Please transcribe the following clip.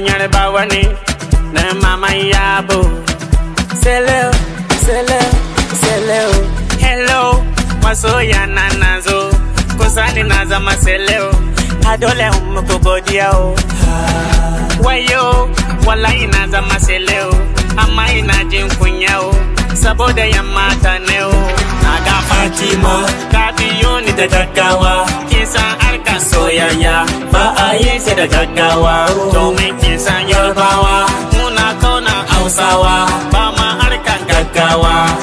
nyare bawani na mama yabo seleo seleo seleo hello maso ya nanazo kusani za maseleo adole umkugodiao wayo wala ina za maseleo ama ina jin inajinkunyao saboda ya mata mataneo aga fatima kabiyoni da gaggawa kisan arka ya ce da gaggawa domin kisan yarbawa muna kauna hausawa ba ma harkan gaggawa